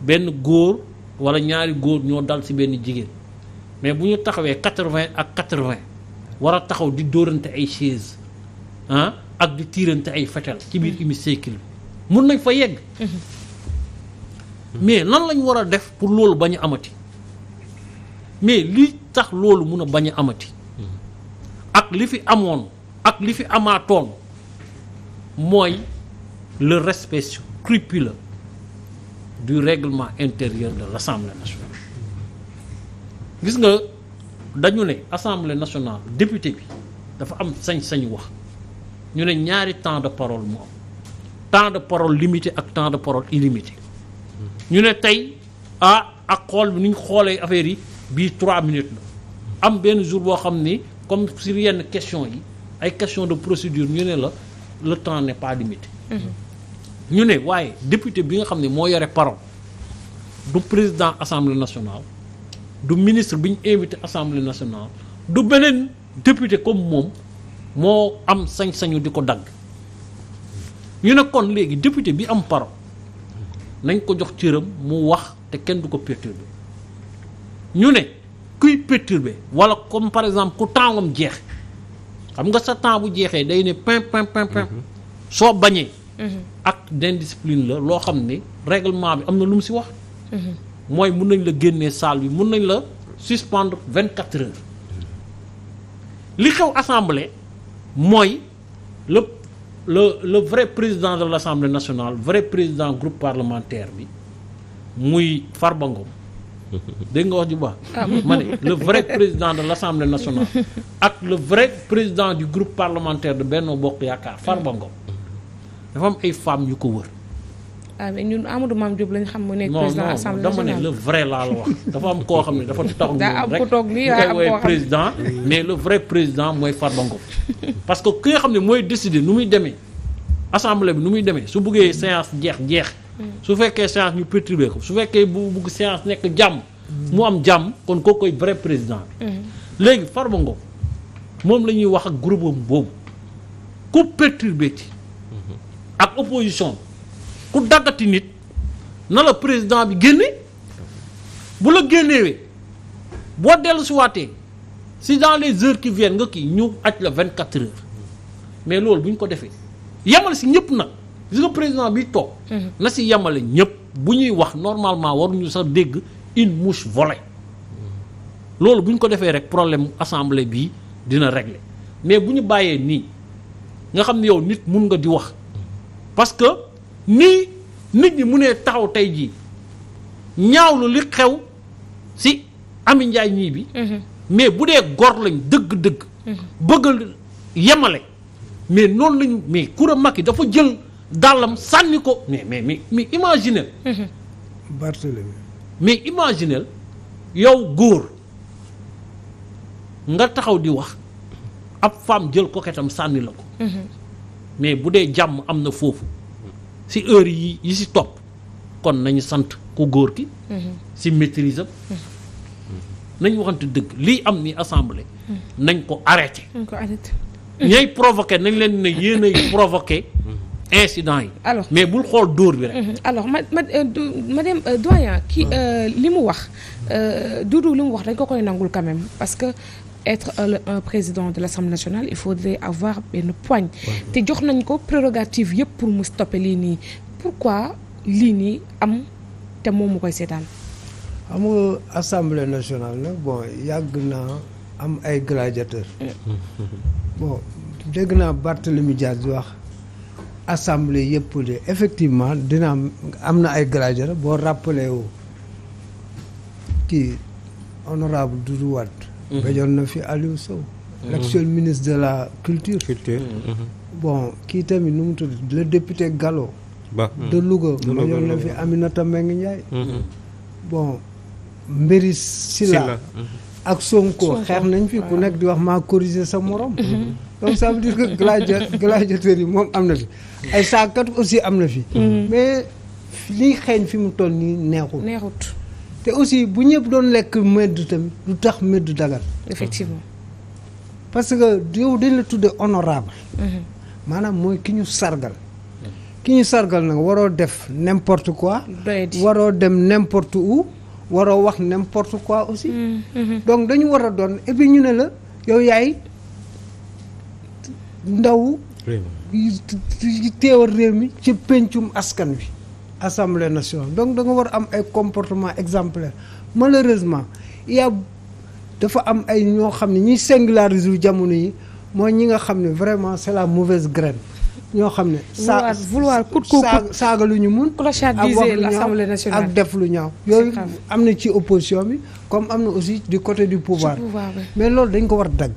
benn góor walla ñaari góor ñoo dal ci benn jigéen mais bu ñu taxawee quatre-vingt ak quatre-vingt war a taxaw di dóorante ay chaise ah ak di tiirante ay fetel ci biir hémicycle bi mun nañ fa yegg mm-hmm. mais nan lañ war a def pour loolu bañ amati mais li tax loolu mun a bañ a amati ak li fi amoon ak li fi amaatoon mooy le respect scrupuleux du règlement intérieur de l'Assemblée nationale gis nga dañu ne Assemblée nationale député bi dafa am sañ sañ wax ñu ne ñaari temps de parole mu temps de parole limité ak temps de parole illimité ñu ne tey ah ak xool bi ni xoolee affaire yi bii trois minutes la am benn jour boo xam ni comme si yenn question yi ay question de procédure ñu ne la le temps n'est pas limité mhm. ñu ne waaye député bi nga xam ne moo yore parole du président assemblée nationale du ministre bi ñu invité assemblée nationale du beneen député comme moom moo am sañ-sañu di ko dagg ñu ne kon léegi député bi am parole nañ ko jox cëram mu wax te kenn du ko bi ñu ne kuy perturber wala comme par exemple ku tempsam jeex xam nga sa temps bu jeexee day ne pin pin pin mhm. soo bañee mhm. acte d'indiscipline la loo xam ne règlement bi am na lu mu si wax mhm. mooy mun nañ la génnee salle bi mun nañ la suspendre vingt quatre heures li xew assemblée mooy le le le vrai président de l'Assemblée nationale vrai président groupe parlementaire bi muy Farba dégg nga wax ju baax ah ma ne le vrai président de l'Assemblée nationale ak le vrai président du groupe parlementaire de Benno Bokk Yaakaar Farba Ngom dafa am ay femmes yu ko wër ah mais ñun Amadou Mame Diop lañ xam mu nekk président assemblée nationale dama ne le vrai laa la wax dafa am koo xam ne dafa tax ñu rek koy woowe président mais le vrai président mooy Farba Ngom parce que ki xam ne mooy décider nu muy demee assemblée bi nu muy demee su buggee séance jeex jeex su fekkee séance ñu perturber ko su fekkee bu bugg séance nekk jàmm mu am jàmm kon koo koy vrai président bi mm-hmm. léegi Farba Ngom moom la ñuy wax ak groupe boobu ku perturber ci mm-hmm. ak opposition ku daggati nit na la président bi génne bu la génnewee boo dellu si waatee si dans les heures qui viennent nga kii ñu aj la vingt quatre heures mais loolu bu ñu ko defee yemal si ñëpp nag gis président bi toog. Mhm. na si yemale ñëpp bu ñuy wax normalement waruñu sa dégg une mouche volée loolu bu ñu ko defee rek problème assemblée bi dina régler mais bu ñu bàyyee nii nga xam ne yow nit mun nga di wax parce que nii nit ñi mu nee taxaw tey jii ñaaw ñaawlu li xew si Ami Njaay ñii bi. Mhm. mais bu dee gor lañ dëgg-dëgg. Mhm. bëgg yemale mais noonu lañu mais mag yi dafa jël. dàllam sànni ko mais mais mais mais imaginel mm-hmm. mais imaginel yow góor nga taxaw di wax ab femme jël koketam sànni la ko mm-hmm. mais bu dee jàmm am na foofu si heure yi yi ci topp kon nañu sant ku góor ki ci mm-hmm. maîtrise am nañ waxante dëgg lii am ni assemblée nañ ko arrêté ñay provoqué nañ leen ne yéenay (coughs) provoqué incident yi. alors mais bul xool dóor bi rek. Mhm. alors ma ma euh, doyan euh, doyen. ki euh, li mu wax Doudou li mu wax dañ ko koy nangul quand parce que. être un président de l'Assemblée nationale il faudrait avoir benn poigne te jox nañ ko prérogative yëpp pour mu stopper lii nii pourquoi lii nii am te moom mu koy seetaan. xam nga Assemblée nationale nag bon yàgg naa am ay gladiateurs. Mm. bon dégg naa Barthélemy Diaz wax. assemblée yëpp de effectivement dina am am na ay gradier boo rappelé wu kii honorable Doudou Wade mhm. bajoon na fi Aliou Sow mhm. l'actuel ministre de la culture culture mhm. bon kii tamit nu mu tudd le député Gallo ba de Louga bajoon na fi Aminata Mbengue Ndiaye bon Mbéri Sylla ak Sonko xeex nañ fi ku nekk di wax maa corriger sa morom. donc ça veut dire que gladia yi moom am na fi. ay saakat aussi am na fi. mais liy xeeñ fi mu toll nii neexut. neexut te aussi bu ñëpp doon lekk mëdd tamit lu tax mëdd dagal. effectivement. parce que yow dañ la tuddee honorable maanaam mooy ki ñu sargal. ki ñu sargal nag waroo def n'importe quoi. waroo dem n'importe u waroo wax n'importe quoi aussi. Mm, mm-hmm. donc dañu war a doon et ñu ne la yow yaay ndaw. teewal réew mi ci pencum askan wi. assemblée nationale donc da war a am ay comportement exemplaire malheureusement il dafa am ay ñoo xam ne ñiy singulariser jamono yi mooy ñi nga xam ne vraiment c'est la mauvaise graine. ñoo xam ne. sa vouloir coûte que coûte saaga lu ñu mun. clochardisé l'Assemblée nationale ak def lu ñaaw. yooyu am na ci opposition bi comme am na aussi du côté du pouvoir. mais loolu dañ ko war dagg.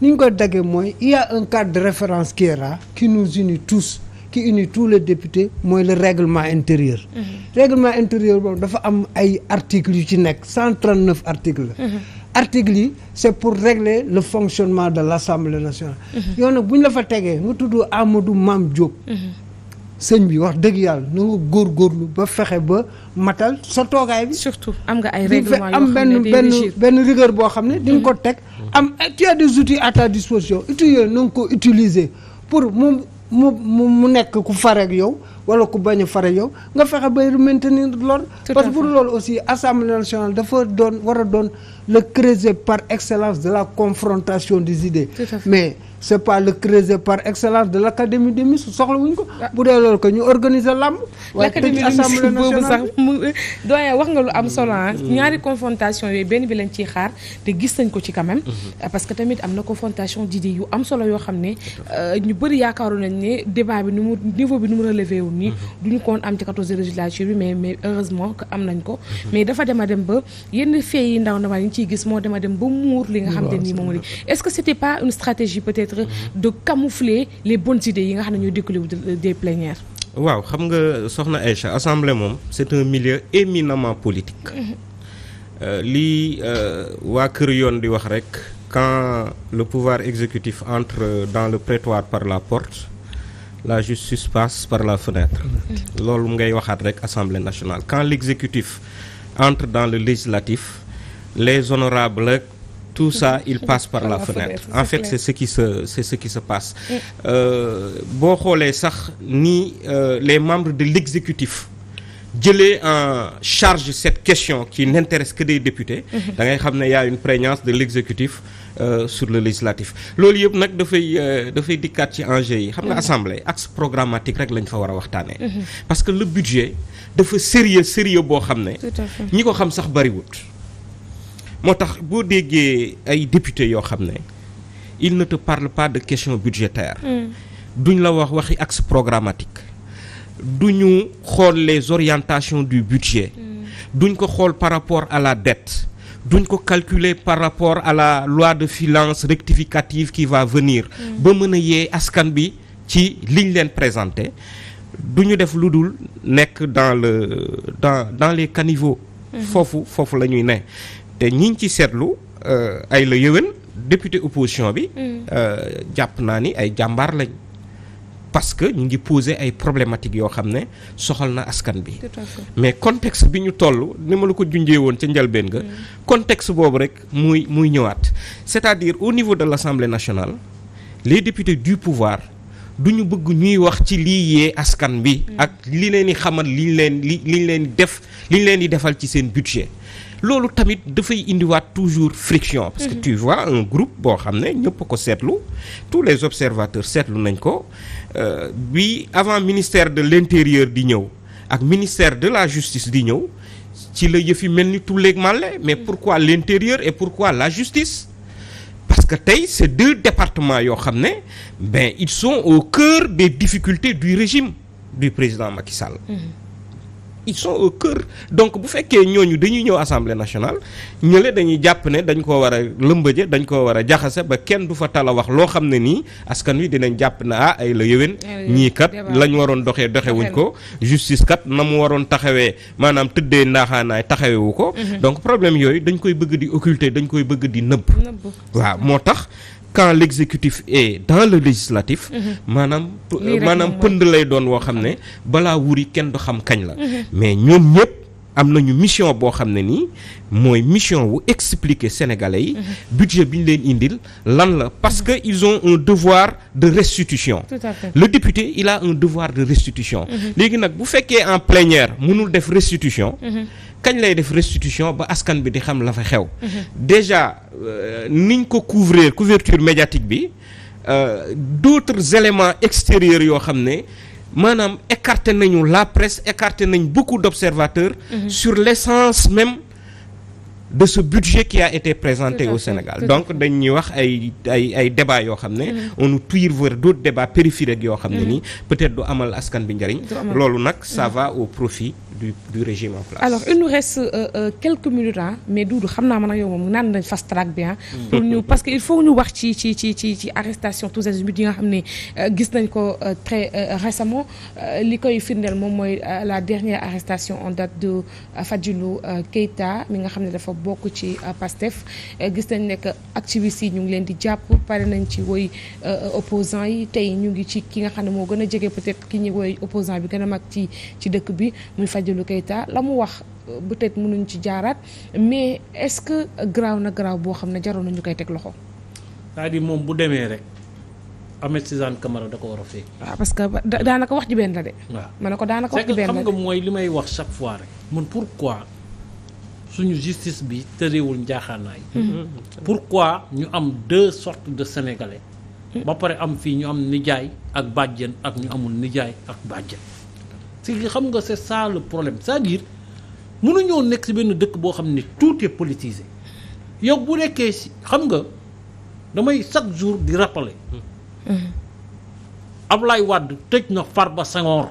ni ñu koy daggee mooy il y a un cadre de référence qui est là qui nous unit tous qui unit tous les députés mooy le réglement intérieur. Mhm. règlement intérieur boobu dafa am ay articles yu ci nekk cent 139 articles la. Mhm. article yi c'est pour régler le fonctionnement de l'Assemblée nationale. Mhm. yow nag bu ñu la fa tegee nga tudd Amadou maam Diop. Mhm. sëñ bi wax dëgg yàlla na nga góorgóorlu ba fexe ba matal sa toogaay bi. surtout am nga ay règlement yoo benn benn benn boo xam ne. di nga ko mhm. teg am tu as des outils à ta disposition outils yooyu na nga ko utiliser pour mu mu mu nekk ku fareeg yow wala ku bañ a fareeg yow nga fexe ba maintenir l'ordre. parce que pour loolu aussi Assemblée nationale dafa doon war a doon. le creuset par excellence de la confrontation des idées mais c'est pas le creuset par excellence de l'académie des Miss soxlawuñ ko ah. bu dee loolu ko ñu organiser làmb l'académie des Miss boobu sax (laughs) doyen wax nga lu am solo ah. mm. ñaari confrontation yooyu benn bi lañ ciy xaar gis nañ ko ci quand même mm-hmm. euh, parce que tamit am na confrontation d'idées yu am solo yoo xam ne euh, ñu bëri yaakaaru nañ ne débat bi nu mu niveau bi nu mu relevé wu nii mm-hmm. duñu koon am ci quatorze législature bi mais mais heureusement que am nañ ko mm-hmm. mais dafa dem a dem ba yenn fee yi ndaw ndawaan ci gis moo dama dem ba muur li nga xam ne nii moom la est-ce que c'était pas une stratégie peut-être de camoufler les bonnes idées yi nga xam ne ñoo découlé des plénières waaw xam nga soxna Aïcha assemblée moom c'est un milieu éminemment politique mm-hmm. euh, lii euh, waa kër yoon di wax rek quand le pouvoir exécutif entre dans le prétoire par la porte la justice passe par la fenêtre mm-hmm. loolu ngay waxaat rek assemblée nationale quand l'exécutif entre dans le législatif les honorables tout ça il passe par la (laughs) fenêtre en fait c'est ce qui se c'est ce qui se passe euh, boo xoolee sax ni euh, les membres de l'exécutif jëlee en charge cette question qui n'intéresse que des député mhm. da xam ne y a une prégnance de l'exécutif euh, sur le législatif loolu yëpp nag dafay euh, dafay dikkaat ci enjeu yi xam nga mhm. assemblée axe programmatique rek lañ fa war a waxtaanee mhm. parce que le budget dafa sérieux sérieux boo xam ne ñi ko xam sax bariwut moo tax boo déggee ay député yoo xam ne il ne te parle pas de questions budgétaires mm. duñ la wax waxi axe programmatique du ñu xool les orientations du budget mm. duñ ko xool par rapport à la dette duñ ko calculer par rapport à la loi de finances rectificative qui va venir mm. ba mën a yee askan bi ci liñ leen présenté du ñu def lu dul nekk dans le dans dans les caniveaux mm-hmm. foofu foofu la ñuy ne te ñiñ ci seetlu euh, ay la yëwén député opposition bi. Mm. Euh, jàpp naa ni ay jàmbaar lañ. parce que ñu ngi poser ay problématiques yoo xam ne soxal na askan bi mais contexte bi ñu toll ni ma la ko junjee woon ca njalbeen nga mm. contexte boobu rek muy muy ñëwaat c'est-à-dire au niveau de l'Assemblée nationale les députés du pouvoir du ñu bëgg ñuy wax ci lii yee askan bi mm. ak li leen di xamal liñ leen li liñ leen def liñ leen di defal ci seen budget loolu tamit dafay indiwaat toujours friction parce que mhm. tu vois un groupe boo xam ne ñëpp ko seetlu tous les observateurs seetlu nañ ko euh, bi avant ministère de l'intérieur di ñëw ak ministère de la justice di ñëw ci la yëfi mel ni tulleeg màlle mais mhm. pourquoi l'intérieur et pourquoi la justice parce que tey ces deux départements yoo xam ne ben ils sont au cœur des difficultés du régime du président Macky ils donc bu fekkee ñooñu dañuy ñëw assemblée nationale ñële dañuy jàpp ne dañ koo war a lëmbaje dañ koo war a jaxase ba kenn du fa tala wax loo xam ne nii askan wi dinañ jàpp na ah ay la yëwén eh ñii kat lañ waroon doxee doxewuñ ko justice kat na mu waroon taxawee maanaam tëddee ndaaxaanaay taxawewu ko mhm. donc problème yooyu dañ koy bëgg di occulter dañ koy bëgg di nëbb waaw moo tax quand l'exécutif est dans le législatif mhm. maanaam euh, maanaam pënd lay doon woo xam ne ah. balaa wuri kenn du xam kañ la mhm. mais ñoom ñëpp am nañu mission boo xam ne nii mooy mission wu expliquer sénégalais yi mhm. budget bi ñu leen indil lan la parce que ils ont un devoir de restitution Tout à le député il a un devoir de restitution léegi nag bu fekkee en plénière mënul def restitution kañ lay def restitution ba askan bi di xam la fa xew. Mhm. déjà euh, niñ ko couvrir couverture médiatique bi euh, d'autres éléments extérieurs yoo xam ne maanaam écarté nañu la presse écarté nañ beaucoup d'observateurs. Mm sur l'essence même. de ce budget qui a été présenté au Sénégal donc dañuy wax ay ay ay débat yoo xam ne mm-hmm. on nous tire vers d'autres débats périphériques yoo xam ne mm-hmm. ni peut-être du amal askan bi njëriñ loolu nag ça mm-hmm. au profit du du place alors il nous reste euh, euh, quelques minutes ah mais Doudou xam naa man ak yow moom naan nañ fast track bi mm. pour parce que il faut ñu wax ci ci ci ci ci arrestation tous azimuts yi nga xam ne euh, gis nañ ko très récemment li koy firndeel moom mooy la dernière arrestation en date de Fadilou Keita mi nga xam bokk ci euh, Pastef euh, gis nañ ne que activistes yi ñu ngi leen di jàpp pare nañ ci woy euh, opposant yi tey ñu ngi ci ki nga xam ne moo gën a jege peut-être ki ñu woy opposant bi gën a mag ci ci dëkk bi muy kay Keita la mu wax peut-être mënuñ ci jaaraat mais est-ce que graaw na graaw boo xam ne jaroon nañu koy teg loxo. cest à moom bu demee rek Ahmed Suzanne Camara da ko war a fekk. waaw ah, parce que daanaka wax ji benn la de. waaw ma ne ko daanaka wax ji benn de mooy li may wax chaque fois rek. man pourquoi. suñu justice bi tëriwul njaaxaanaay mm-hmm. pourquoi ñu am deux sortes de sénégalais ba pare am fii ñu am nijaay ak bàjjen ak ñu amul nijaay ak bàjjen si xam nga c'est ça le problème c'est-à-dire mënuñoo nekk si benn dëkk boo xam ne tout est politisé yow bu nekkee si xam nga damay chaque jour di rappeler mm-hmm. lay wàdd tëj na Farba Senghor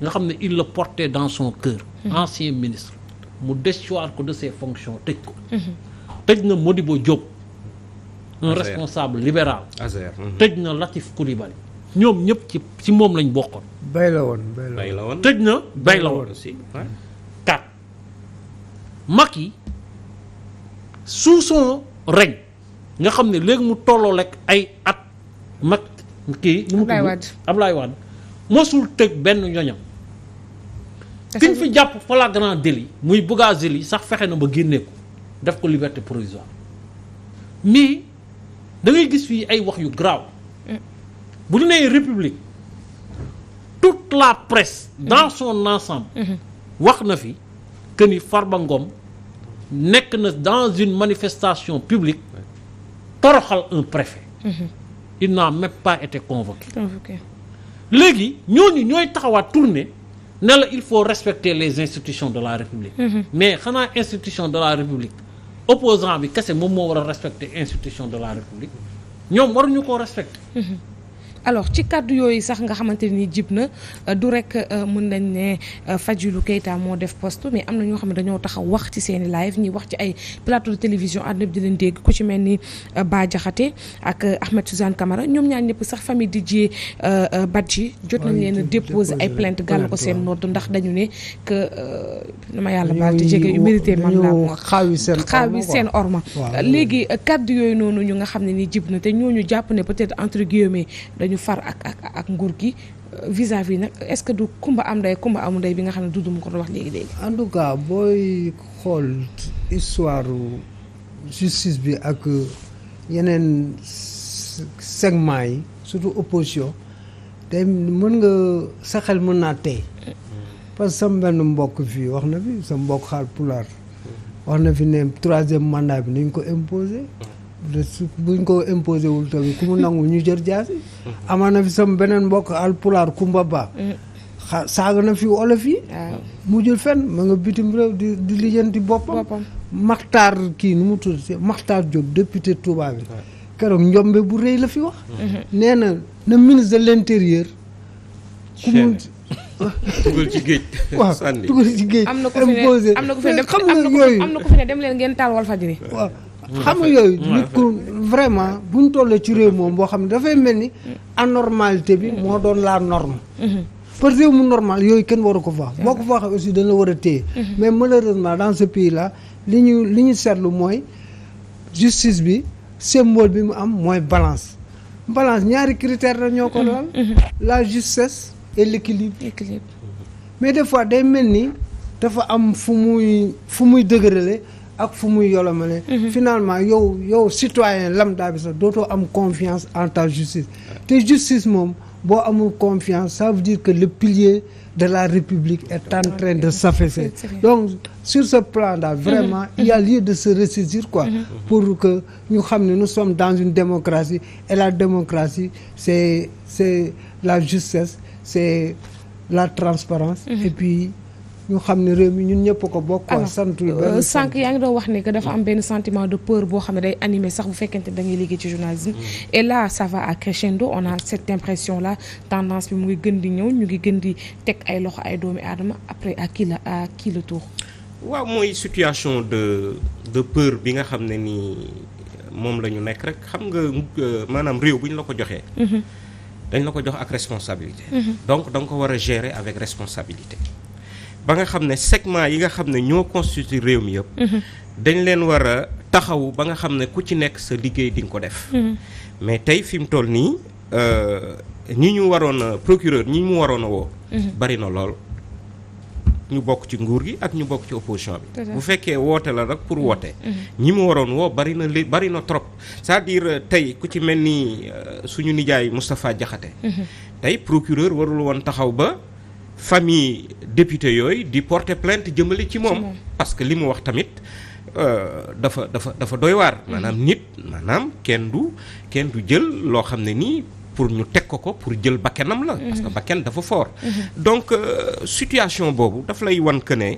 nga xam ne il le portait dans son cœur mm-hmm. ancien ministre mu déchoir ko de ses fonctions tëj ko. Mhm. tëj na Modibo Diop. un responsable libéral. Mhm. tëj na Latif Coulibaly. ñoom ñëpp ci ci moom lañ bokkoon. bay la woon tëj na bay la woon aussi. kat Macky sous son règne nga xam ne léegi mu tolloo rek ay at mag kii. Ablaye Wade Ablaye Wade mosul tëj benn ñoñam. ki ñu fi jàpp flagrant délit muy Bougazelli sax fexe na ba génne ko def ko liberté provisoire mais da ngay gis fii ay wax yu graaw mm. bu ñu nee république toute la presse mm-hmm. dans son ensemble mm-hmm. wax na fi que ni Farba Ngom nekk na dans une manifestation publique toroxal un préfet mm-hmm. il n'a même pas été convoqué léegi ñooñu ñooy taxawaat tourner ne la il faut respecter les institutions de la république mm -hmm. mais xanaa institution de la république opposant bi kese moom moo war a respecter institution de la république ñoom waruñu koo respecter mhm. alors ci kàddu yooyu sax nga xamante ni jib na du rek euh, mën nañ ne euh, Fadilou Keita moo def poste mais am na ñoo xam ne dañoo taxaw wax ci seeni live ñi wax ci ay plateau de télévision àdduna bi leen dégg ku ci mel ni euh, Bah Diakhaté ak Ahmed Suzanne Camara ñoom ñaar ñëpp sax famille Didier Badji jot nañ leen a déposer ay plainte gàll ko seen ndax dañu ne que dama yàlla baal te jege humilité man laa xaawi seen orma léegi kàddu yooyu noonu ñu nga xam ne ni jib na te ñooñu jàpp ne peut-être entre guillemets ñu far ak ak nguur ki euh, vis-à-vis nag est-ce que du kumba am ndey kumba amul ndey bi nga xam ne dudd mu ko wax léegi léegi. en tout cas booy xool histoire justice bi ak yeneen segment yi surtout opposition tey mën nga sa xel mën naa tey parce que sama benn mbokk fii wax na fi sama mbokk xaal pulaar wax na fi ne troisième mandat bi nañ ko imposer. su buñ ko imposé wul tamit ku mu nangu ñu jër jaasi amaa na fi sam beneen mbokk alpulaar Kumba Ba xa saaga na fi olof yi mu jël fenn ma nga bitim réew di di lijjanti boppam maxtaar kii nu mu tudd si maxtaar Diop député Touba bi keroog njombe bu rëy la fi wax mhm. nee na minis ministre de l'intérieur ku mu dugal ci géej. (laughs) waaw dugal ci géej. am na ku fi ne am na ku dem leen ngeen taal Walfadjri waaw xam nga yooyu nit ku vraiment buñ tollee ci réew moom boo xam ne dafay mel ni anormalité bi moo doon la norme parce que mu normal yooyu kenn waru ko fa moo ko fa waxee aussi dañ war a téye mais malheureusement dans ce pays là li ñu li ñu seetlu mooy justice bi symbole bi mu am mooy balance balance ñaari critère la ñoo ko laal la justesse et l'équilibre mais des fois day mel ni dafa am fu muy fu muy dëgërale ak fu muy yolomale mhm. finalement yow yow citoyen lambda bi sax dooto am confiance en ta justice te justice moom boo amul confiance ça veut dire que le pilier de la République est en train de s'affaisser donc sur ce plan là vraiment mhm. il a mhm. lieu de se ressaisir quoi pour que ñu xam ne nu sommes dans une démocratie et la démocratie c'est c'est la justesse c'est la transparence et ñu xam ne réew mi ñun ñëpp ko bokk. alors ah, euh, sànq yaa ngi doon wax ne que dafa am benn sentiment de peur boo xam ne day animé sax bu fekkente da ngay liggéey ci journalisme. Mm. et là ça va à crescendo on a cette impression la tendance bi mu ngi gën di ñëw ñu ngi gën di teg ay loxo ay doomi aadama après ak qui la à qui tour. waaw mooy situation de de peur bi nga xam ne nii moom la ñu nekk rek xam nga euh, maanaam réew bu ñu la ko joxee. Mm-hmm. dañ la ko jox ak responsabilité. Mm-hmm. donc ba nga xam ne segment yi nga xam ne ñoo constitué réew mi yëpp. Mhm. dañ leen war a taxawu ba nga xam ne ku ci nekk sa liggéey di nga ko def. Mhm. mais tey fi mu toll nii euh, ñi ñu waroon a procureur ñi mu waroon a woo. Mhm. bari na lool ñu bokk ci nguur gi ak ñu bokk ci opposition bi. bu fekkee la rek pour woote. ñi mu waroon woo bari na li bari na trop cest à euh, tey ku ci mel ni euh, suñu nijaay Moustapha Diakhaté. tey procureur warul woon taxaw ba. famille député yooyu di porter plainte jëmbale ci moom parce que li mu wax tamit euh, dafa dafa dafa doy waar mm-hmm. maanaam nit maanaam kenn du kenn du jël loo xam ne nii pour ñu teg ko ko pour jël bakkenam la mm-hmm. parce que bakken dafa fort mm-hmm. donc euh, situation boobu dafa lay wan que ne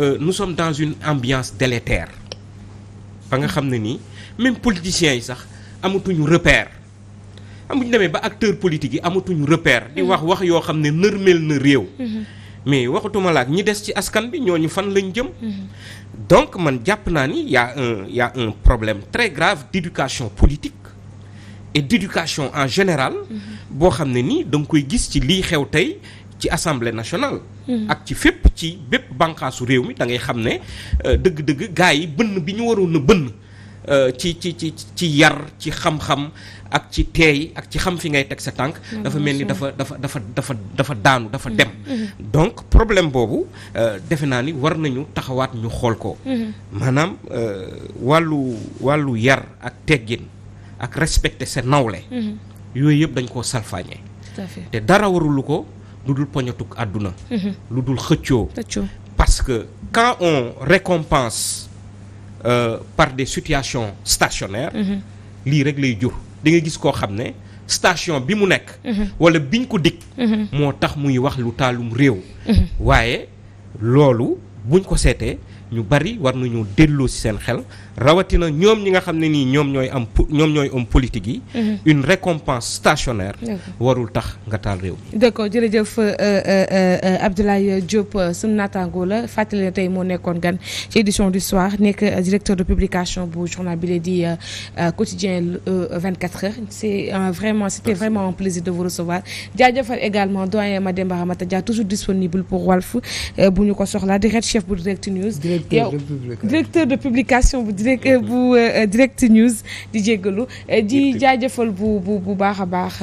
euh, nous dans une ambiance délétère ba nga xam ne nii même politiciens yi sax amatuñu repère amuñ bu demee ba acteur politique yi amatuñu repère. ni wax wax yoo xam ne nërmeel na réew. mais waxatuma laak ñi des ci askan bi ñooñu fan lañ jëm. donc man jàpp naa ni yaa a un y problème très grave d'éducation politique et en général. boo xam ne nii da nga koy gis ci lii xew tey ci assemblée nationale. ak ci fépp ci bépp bànqaasu réew mi da ngay xam ne euh, dëgg-dëgg gaa yi bënn bi ñu waroon a bënn. Euh, ci ci ci ci yar ci xam-xam ak ci teey ak ci xam fi ngay teg sa tànk dafa mel ni dafa dafa dafa dafa dafa daanu dafa mm-hmm. dem mm-hmm. donc problème boobu euh, defe naa ni war nañu taxawaat ñu xool ko mm-hmm. maanaam euh, wàllu wàllu yar ak teggin ak respecter sa nawle yooyu yëpp dañ koo salfaañee te dara warulu ko lu dul poñatuk àdduna lu dul xëccoo parce que on récompense Euh, par des situations stationnaires mhm. lii rek lay jur di nga gis koo xam ne station bi mu nekk mhm. wala biñ ko dig mhm. moo tax muy wax lu taalum réew waaye loolu buñ ko seetee ñu bari war nañoo delloo ci seen xel rawatina ñoom ñi nga xam ne nii ñoom ñooy am ñoom ñooy homme politique yi. Mm-hmm. une récompense stationnaire. warul tax nga taal réew mi. d'accord jërëjëf euh, euh, euh, Abdoulaye Diop sunu naataangoo la fàttali ne tey moo nekkoon gan ci édition du soir nekk directeur de publication bu journal bi la di quotidien 24 heures c'est vraiment c'était vraiment un plaisir de vous recevoir jaajëfal également doyen Mademba Hamata Dia toujours disponible pour Walf bu directeur de publication directeur de publication bu direct euh, bu euh, euh, direct news di jéggalu di jaajëfal bu bu bu baax a baax.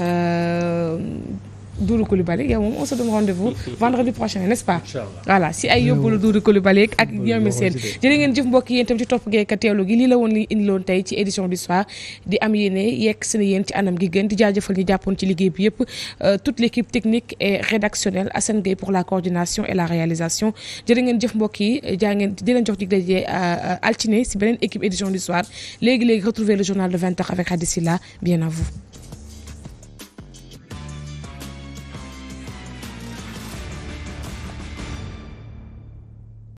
Doudou Coulibaly yow moom on se donne rendez-vous vendredi prochain n'est-ce pas voilà si ay yóbbalu Doudou Coulibaly topp geeka teewlu gi lii la woon li indi loon tey ci édition du soir yéen ci anam gi gën di jaajëfal ñu jàppoon ci liggéey bi yëpp euh, toute l'équipe technique et rédactionnelle Assane la coordination et la réalisation jërë ngeen jëf mbokk yi jaa ngeen di leen jox dig dajee euh, euh, altine si beneen équipe édition du léegi-léegi retrouvez le journal de 20h avec Hadisila bien à